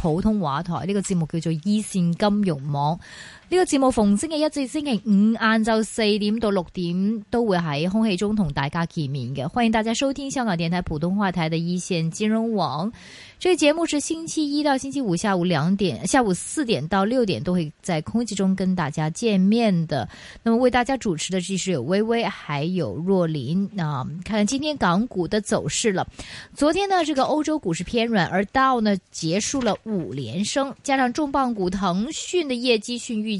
普通話台呢個節目叫做《一線金融網》。呢個節目逢星期一至星期五晏晝四點到六點都會喺空氣中同大家見面嘅，歡迎大家收聽香港電台普通話台的一線金融網。呢、這個節目是星期一到星期五下午兩點，下午四點到六點都會在空氣中跟大家見面的。那麼為大家主持的是其實有微微，還有若琳。啊，看看今天港股的走勢了。昨天呢，這個歐洲股市偏軟，而到呢結束了五連升，加上重磅股騰訊的業績遜預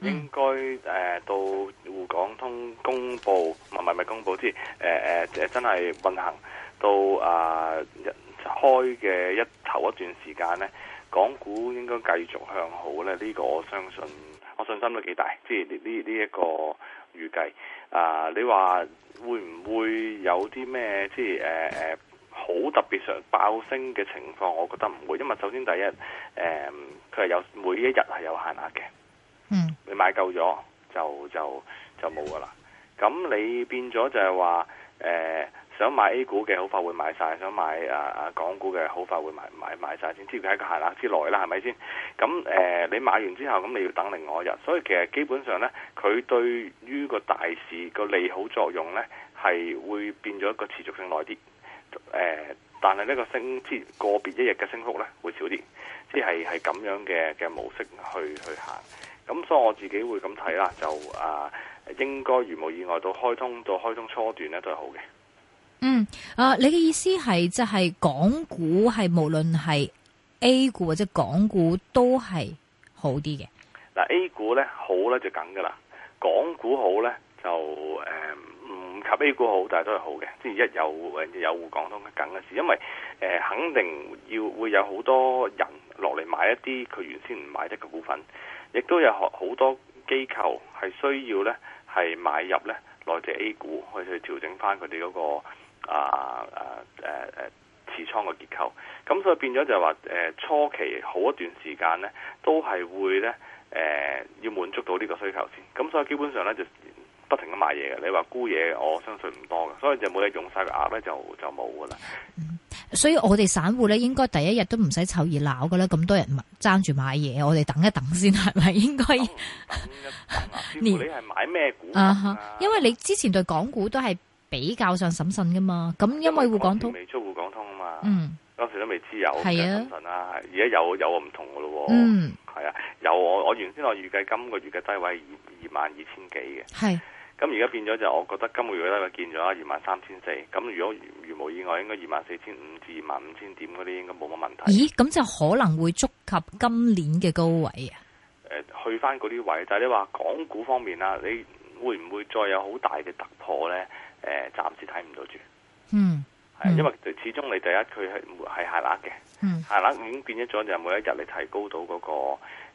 應該誒、呃、到滬港通公布，唔係唔係公布，即係誒誒，真係運行到啊、呃、開嘅一頭一段時間咧，港股應該繼續向好咧。呢、呢個我相信我信心都幾大，即係呢呢一個預計啊。你話會唔會有啲咩即係誒誒好特別上爆升嘅情況？我覺得唔會，因為首先第一誒，佢、呃、係有每一日係有限額嘅。你買夠咗就就就冇㗎喇。咁你變咗就係話、呃、想買 A 股嘅好快會買晒，想買、啊、港股嘅好快會買買買晒。先知先，只要喺個限額之內啦，係咪先？咁、呃、你買完之後，咁你要等另外一日。所以其實基本上咧，佢對於個大市個利好作用咧，係會變咗一個持續性耐啲、呃、但係呢個升，即個別一日嘅升幅咧會少啲，即係係咁樣嘅嘅模式去去行。咁所以我自己會咁睇啦，就啊，應該如無意外到開通到開通初段咧都係好嘅。嗯，啊，你嘅意思係即係港股係無論係 A 股或者港股都係好啲嘅。嗱、啊、A 股咧好咧就梗噶啦，港股好咧就誒唔、呃、及 A 股好，但係都係好嘅。即係一有誒滬港通梗嘅事，因為誒、呃、肯定要會有好多人落嚟買一啲佢原先唔買得嘅股份。亦都有好多機構係需要咧，係買入咧內地 A 股去去調整翻佢哋嗰個啊啊誒誒持倉嘅結構，咁所以變咗就係話誒初期好一段時間咧，都係會咧誒要滿足到呢個需求先，咁所以基本上咧就不停咁買嘢嘅，你話沽嘢我相信唔多嘅，所以就冇嘢用晒個額咧就就冇噶啦。所以我哋散戶咧，應該第一日都唔使湊熱鬧噶啦，咁多人爭住買嘢，我哋等一等先，係咪應該、啊 你係買咩股啊，啊？因為你之前對港股都係比較上審慎噶嘛，咁因為滬港通未出滬港通啊嘛，嗯，當時都未知有，係啊，而家有有唔同噶咯，嗯，係啊，有我我原先我預計今個月嘅低位二二萬二千幾嘅，係。咁而家變咗就，我覺得今個月咧見咗二萬三千四。咁如果如無意外，應該二萬四千五至二萬五千點嗰啲應該冇乜問題。咦？咁就可能會觸及今年嘅高位啊？誒，去返嗰啲位，但係你話港股方面啊，你會唔會再有好大嘅突破咧？誒，暫時睇唔到住。嗯，係、嗯、因為始終你第一佢係係限額嘅。嗯。限額已經變咗咗，就每一日你提高到嗰、嗰個、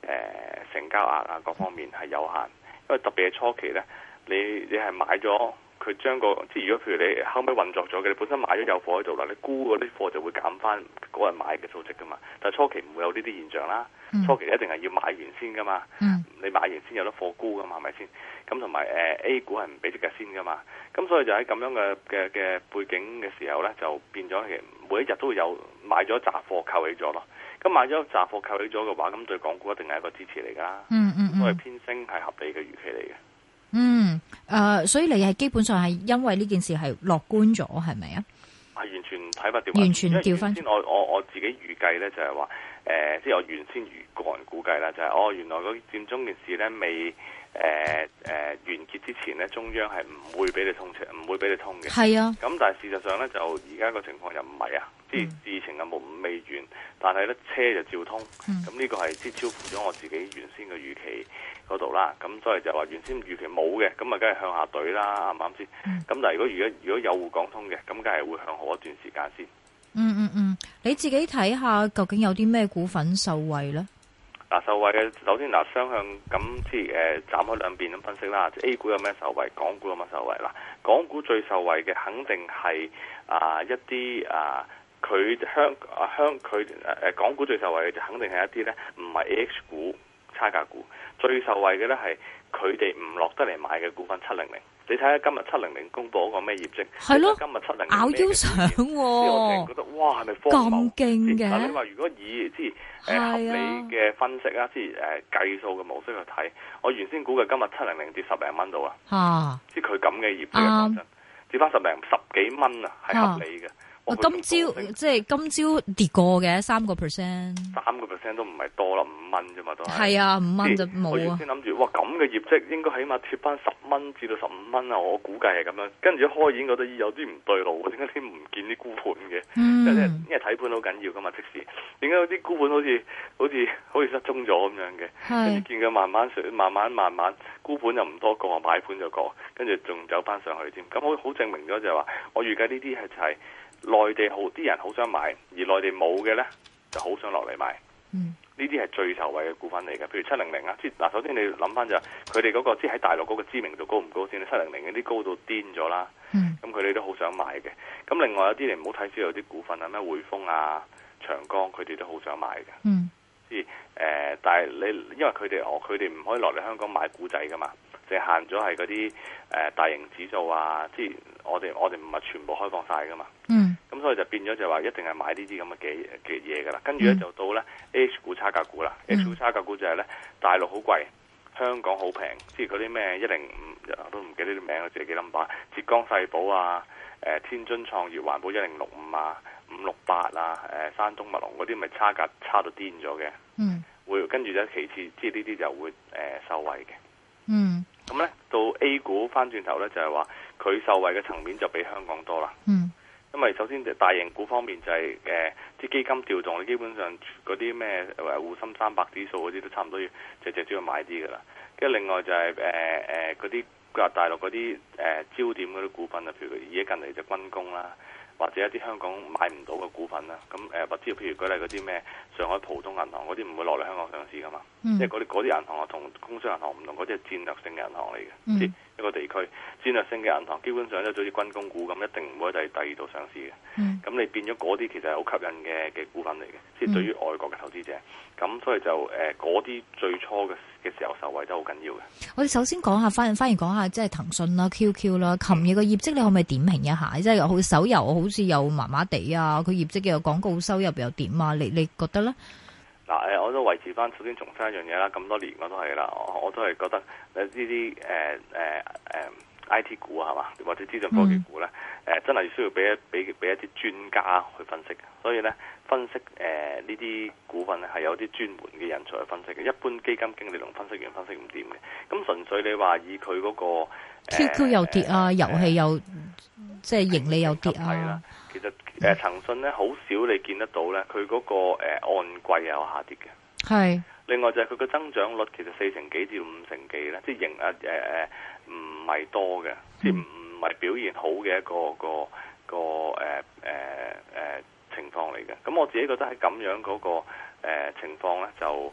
呃、成交額啊，各方面係有限。因為特別係初期咧。你你係買咗佢將個即係如果譬如你後屘運作咗嘅，你本身買咗有貨喺度啦，你沽嗰啲貨就會減翻嗰日買嘅數值噶嘛。但係初期唔會有呢啲現象啦。嗯、初期一定係要買完先噶嘛、嗯。你買完先有得貨沽噶嘛，係咪先？咁同埋誒 A 股係唔畀即日先噶嘛。咁所以就喺咁樣嘅嘅嘅背景嘅時候咧，就變咗其實每一日都會有買咗集貨扣起咗咯。咁買咗集貨扣起咗嘅話，咁對港股一定係一個支持嚟噶。嗯嗯，因、嗯、偏升係合理嘅預期嚟嘅。嗯，誒、呃，所以你係基本上係因為呢件事係樂觀咗，係咪啊？係完全睇唔掉，完全掉翻先，我我我自己預計咧、就係呃，就係話誒，即係我原先個人估計啦、就係，就係哦，原來嗰佔中件事咧未誒、呃、誒、呃，完結之前咧，中央係唔會俾你通車，唔會俾你通嘅。係啊。咁但係事實上咧，就而家個情況又唔係啊，即係事情嘅冇未完，但係咧車就照通。咁、嗯、呢個係即係超乎咗我自己原先嘅預期嗰度啦。咁所以就話原先預期冇嘅，咁啊梗係向下懟啦，啱唔啱先？咁但係如果現在如果有滬港通嘅，咁梗係會向好一段時間先。嗯嗯嗯，你自己睇下究竟有啲咩股份受惠咧？嗱，受惠嘅首先嗱，雙向咁即係誒，斬開兩邊咁分析啦。A 股有咩受惠？港股有乜受惠？嗱，港股最受惠嘅肯定係啊一啲啊，佢、啊、香啊香佢誒誒，港股最受惠嘅就肯定係一啲咧，唔係 AH 股差價股，最受惠嘅咧係佢哋唔落得嚟買嘅股份七零零。你睇下今日七零零公布嗰個咩業績？係咯，今日七零零嘅業績，啲人、啊、覺得哇，係咪科？咁勁嘅？但你話如果以即係、呃、合理嘅分析啦，即係誒計數嘅模式去睇，我原先估計今日七零零跌十零蚊到啊，即係佢咁嘅業績，跌翻十零十幾蚊啊，係合理嘅。啊啊、今我是今朝即係今朝跌過嘅三個 percent，三個 percent 都唔係多啦，五蚊啫嘛都係。係啊，五蚊啫冇啊。我原先諗住，哇咁嘅業績應該起碼貼翻十蚊至到十五蚊啊！我估計係咁樣。跟住一開演嗰度有啲唔對路，點解天唔見啲沽盤嘅？嗯，就是、因為睇盤好緊要噶嘛，即使點解有啲沽盤好似好似好似失蹤咗咁樣嘅，跟住見佢慢慢上，慢慢慢慢沽盤又唔多個，買盤就個，跟住仲走翻上去添。咁我好證明咗就係話，我預計呢啲係就係、是。內地好啲人好想買，而內地冇嘅呢，就好想落嚟買。嗯，呢啲係最受惠嘅股份嚟嘅。譬如七零零啊，即係嗱，首先你諗翻就係佢哋嗰個，即係喺大陸嗰個知名度高唔高先咧？七零零嗰啲高到癲咗啦。嗯，咁佢哋都好想買嘅。咁另外有啲你唔好睇少有啲股份啊，咩匯豐啊、長江，佢哋都好想買嘅。嗯，即係、呃、但係你因為佢哋佢哋唔可以落嚟香港買股仔噶嘛。你行咗係嗰啲誒大型指數啊，即係我哋我哋唔係全部開放晒噶嘛。嗯。咁所以就變咗就話一定係買呢啲咁嘅嘅嘢㗎啦。跟住咧就到咧 H 股差價股啦。H 股差價股、嗯、股，股就係咧大陸好貴，香港好平，即係嗰啲咩一零五都唔記，記得啲名，即係幾冧巴。浙江世寶啊，誒、呃、天津創業環保一零六五啊，五六八啊，誒、呃、山東墨龍嗰啲咪差價差到癲咗嘅。嗯。會跟住咧，其次即係呢啲就會誒、呃、受惠嘅。嗯。咁咧到 A 股翻轉頭咧就係話佢受惠嘅層面就比香港多啦。嗯，因為首先就大型股方面就係誒啲基金調動，基本上嗰啲咩誒滬深三百指數嗰啲都差唔多要就只主要買啲噶啦。跟住另外就係誒誒嗰啲即係大陸嗰啲誒焦點嗰啲股份啊，譬如而家近嚟就軍工啦。或者一啲香港買唔到嘅股份啊，咁誒，或者譬如舉例嗰啲咩上海浦東銀行，嗰啲唔會落嚟香港上市噶嘛，即係嗰啲啲銀行啊，同工商銀行唔同，嗰啲係戰略性嘅銀行嚟嘅。嗯個地區戰略性嘅銀行，基本上咧就好似軍工股咁，一定唔會喺第二度上市嘅。咁、嗯、你變咗嗰啲，其實係好吸引嘅嘅股份嚟嘅，即、嗯、係、就係、對於外國嘅投資者。咁所以就誒嗰啲最初嘅嘅時候受惠都好緊要嘅。我哋首先講下翻，反而講下即係騰訊啦、Q Q 啦、琴日個業績，你可唔可以點評一下？即係好，手遊好似又麻麻地啊，佢業績嘅廣告收入又點啊？你你覺得咧？嗱、啊、我都維持翻，首先重申一樣嘢啦。咁多年我都係啦，我都係覺得誒呢啲誒誒誒 IT 股係嘛，或者資訊科技股咧，誒、呃、真係需要俾一俾俾一啲專家去分析。所以咧，分析誒呢啲股份咧係有啲專門嘅人才去分析嘅，一般基金經理同分析員分析唔掂嘅。咁純粹你話以佢嗰、那個 QQ、呃、又跌啊，啊，遊戲又即係盈利又跌啊。其實誒騰訊咧，好少你見得到咧，佢嗰個誒按季有下跌嘅。係。另外就係佢個增長率其實四成幾至五成幾咧，即係盈啊誒誒唔係多嘅，即係唔係表現好嘅一個個個誒誒誒情況嚟嘅。咁我自己覺得喺咁樣嗰個誒情況咧就。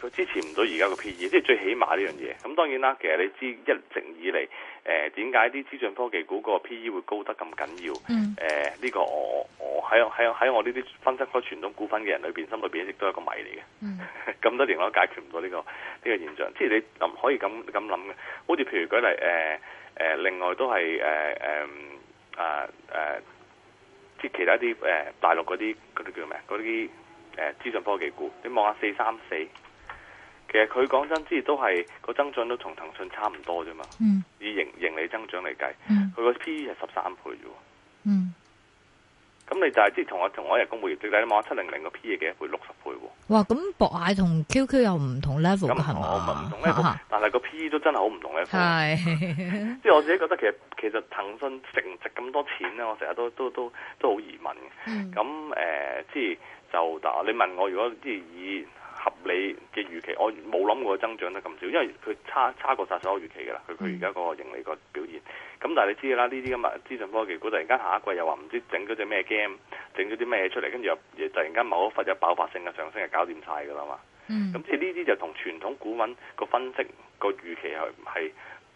佢支持唔到而家個 P E，即係最起碼呢樣嘢。咁當然啦，其實你知一直以嚟，誒點解啲資訊科技股個 P E 會高得咁緊要？嗯。誒、呃，呢、這個我我喺喺喺我呢啲分析開傳統股份嘅人裏邊，心裏邊亦都係一個謎嚟嘅。嗯。咁 多年我都解決唔到呢個呢、這個現象。即係你可以咁咁諗嘅，好似譬如舉例，誒、呃、誒、呃，另外都係誒誒啊誒，即、呃、係、呃呃呃、其他啲誒、呃、大陸嗰啲嗰啲叫咩？嗰啲。誒，資訊科技股，你望下四三四，其實佢講真之都係個增長都同騰訊差唔多啫嘛。嗯，以盈盈利增長嚟計，嗯，佢個 P E 係十三倍啫。嗯，咁、嗯、你就係即係同我同我一日公會議，最緊要你望下七零零個 P E 幾多倍，六十倍。哇，咁博雅同 Q Q 有唔同 level 咁係我唔同 level 但係個 P E 都真係好唔同 level。即係我自己覺得其實其實騰訊值唔值咁多錢咧？我成日都都都都好疑問嘅。嗯，咁誒，即、呃、係。知就打你問我，如果即係以合理嘅預期，我冇諗過增長得咁少，因為佢差差過曬所有預期噶啦。佢佢而家個盈利個表現，咁但係你知噶啦，呢啲咁啊資訊科技股突然間下一季又話唔知整咗隻咩 game，整咗啲咩出嚟，跟住又又突然間某忽有爆發性嘅上升，係搞掂曬噶啦嘛。咁即係呢啲就同傳統股穩個分析、個預期係？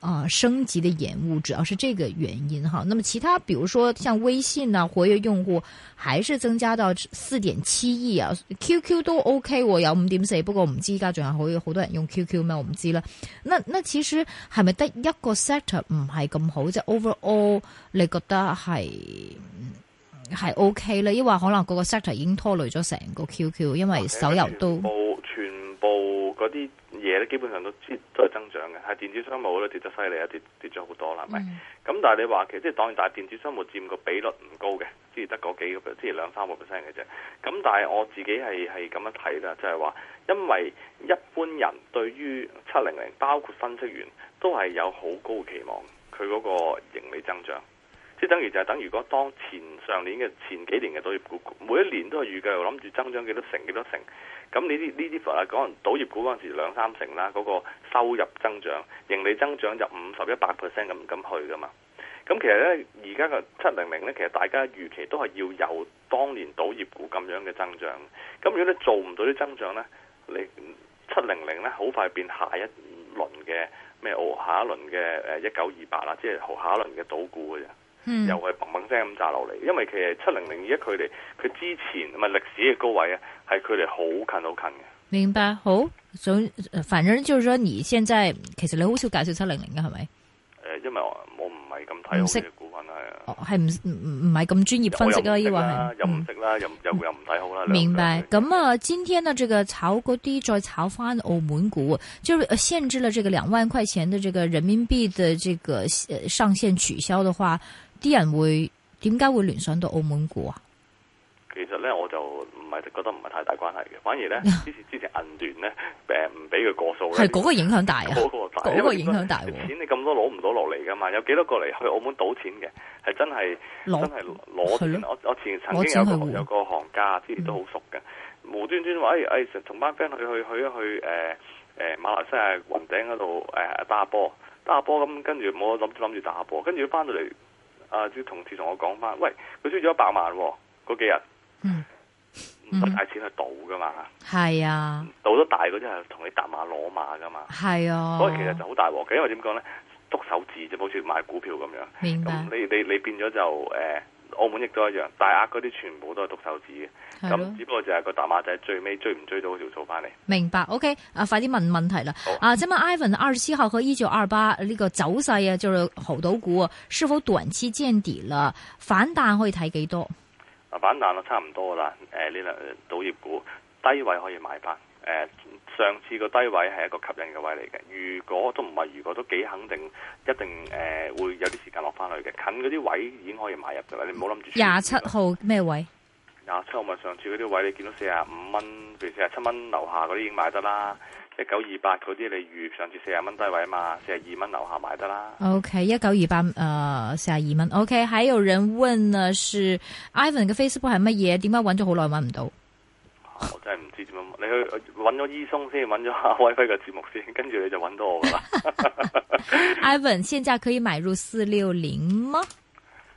啊，升級的延誤主要是這個原因哈。那麼其他，比如說像微信啊，活躍用戶還是增加到四點七億啊。QQ 都 OK、啊、有五點四，不過唔知而家仲有好多人用 QQ 咩？我唔知啦。那那其實係咪得一個 sector 唔係咁好？即係 overall，你覺得係係、嗯、OK 咧，因為可能嗰個 sector 已經拖累咗成個 QQ？因為手遊都、呃、全部嗰啲。基本上都都係增長嘅，係電子商務都跌得犀利啊，跌跌咗好多啦，係咪？咁、mm -hmm. 但係你話其實即係當然，但係電子商務佔個比率唔高嘅，只係得個幾個，只係兩三個 percent 嘅啫。咁但係我自己係係咁樣睇啦，就係、是、話因為一般人對於七零零包括分析員都係有好高嘅期望，佢嗰個盈利增長。即等於就係等於，如果當前上年嘅前幾年嘅賭業股，每一年都係預計諗住增長幾多成幾多成，咁呢啲呢啲話講賭業股嗰陣時兩三成啦，嗰、那個收入增長、盈利增長就五十一百 percent 咁咁去噶嘛。咁其實咧，而家嘅七零零咧，其實大家預期都係要由當年賭業股咁樣嘅增長。咁如果你做唔到啲增長咧，你七零零咧好快就變下一輪嘅咩？下一輪嘅誒一九二八啦，即、就、係、是、下一輪嘅賭股嘅啫。又係砰砰聲咁炸落嚟，因為其實七零零二一佢哋，佢之前同埋歷史嘅高位啊，係佢哋好近好近嘅。明白好，所反正就 JoJo 你現在其實你好少介紹七零零嘅係咪？誒，因為我唔係咁睇好嘅股份啊，係唔唔係咁專業分析咯，以話係又唔識啦，又又唔睇好啦。明白。咁啊、嗯，今天呢，最、這、近、個、炒嗰啲再炒翻澳門股，就限制了這個兩萬塊錢的這個人民幣的這個上限取消的話。啲人會點解會聯想到澳門股啊？其實咧，我就唔係覺得唔係太大關係嘅，反而咧，之前之前銀聯咧，誒唔俾佢過數咧，係 嗰個影響大啊，嗰個大，嗰個影響大。錢你咁多攞唔到落嚟噶嘛？有幾多個嚟去澳門賭錢嘅，係真係真係攞，我我前曾經有個有個行家，之前都好熟嘅，無端端話誒誒，同班 friend 去去去去誒誒、呃、馬來西亞雲頂嗰度誒打下波，打下波，咁跟住冇諗諗住打下波，跟住翻到嚟。啊！啲同事同我講翻，喂，佢輸咗一百萬嗰、哦、幾日，唔、嗯、使、嗯、錢去賭噶嘛？係啊，賭得大嗰啲係同你搭馬攞馬噶嘛？係啊，所以其實就好大鑊嘅，因為點講咧？捉手指就好似買股票咁樣。明白。你你你變咗就誒。呃澳門亦都一樣，大額嗰啲全部都係獨手指嘅，咁只不過就係個大馬仔最尾追唔追到條數翻嚟。明白？OK，啊，快啲問問題啦！啊，請問，Ivan，二十七號和一九二八呢個走勢啊，就係豪賭股、啊、是否短期見底了？反彈可以睇幾多？啊，反彈都差唔多啦。誒、啊，呢兩賭業股低位可以買翻。誒、啊。上次個低位係一個吸引嘅位嚟嘅，如果都唔係，如果都幾肯定，一定誒、呃、會有啲時間落翻去嘅。近嗰啲位已經可以買入嘅啦，你唔好諗住。廿七號咩位？廿七號咪上次嗰啲位你，你見到四啊五蚊，譬如四啊七蚊樓下嗰啲已經買得啦。一九二八嗰啲你預上次四啊蚊低位啊嘛，四啊二蚊樓下買得啦。OK，一九二八誒四啊二蚊。OK，還有人問呢，是 Ivan 嘅 Facebook 係乜嘢？點解揾咗好耐揾唔到？我真係唔～你去揾咗醫生先，揾咗阿威威嘅節目先，跟住你就揾到我啦。 Ivan，現在可以買入四六零嗎？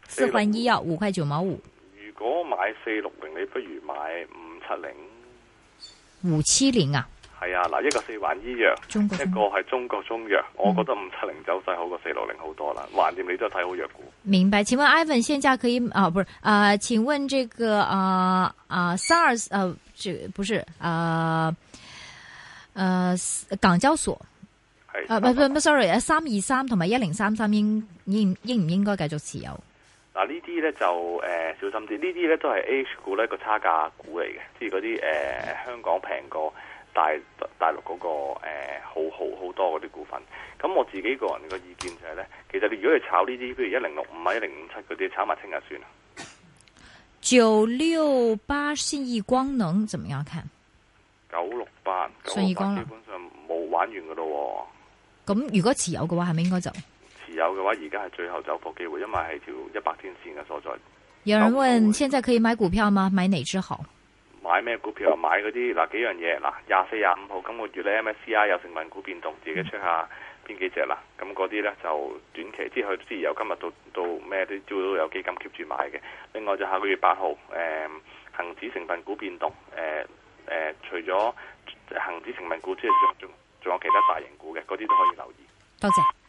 四環醫藥啊，五塊九毛五。如果買四六零，你不如買五七零。五七零啊。係啊，嗱，一個四環醫藥，中國一個係中國中藥，我覺得五七零走勢好過四六零好多啦。橫、嗯、掂你都係睇好藥股。明白，請問 Ivan，現價可以啊？不是啊？請問這個啊啊三二呃，這、啊、不是啊呃、啊，港交所係啊？唔唔 sorry 三二三同埋一零三三應應應唔應該繼續持有？嗱、啊，這些呢啲咧就誒、呃、小心啲，這些呢啲咧都係 H 股咧個差價股嚟嘅，即係嗰啲誒香港平過。大大陸嗰、那個、呃、好好好多嗰啲股份，咁我自己個人嘅意見就係、是、咧，其實你如果要炒呢啲，譬如一零六五啊、一零五七嗰啲，炒埋聽日算啦。九六八信義光能，怎麼樣看？九六八信義光，基本上冇玩完噶咯喎。咁如果持有嘅話，係咪應該就持有嘅話，而家係最後走貨機會，因為係條一百天線嘅所在。有人問：現在可以買股票嗎？買哪支好？買咩股票啊？買嗰啲嗱，幾樣嘢，嗱，廿四廿五號今個月咧 MSCI 有成分股變動，自己出下邊幾隻啦。咁嗰啲咧就短期之後，即係由今日到到咩都都會有基金 keep 住買嘅。另外就下個月八號，誒、嗯、恆指成分股變動，誒、嗯、誒、嗯、除咗恆指成分股之外，即係仲仲有其他大型股嘅，嗰啲都可以留意。多謝、謝。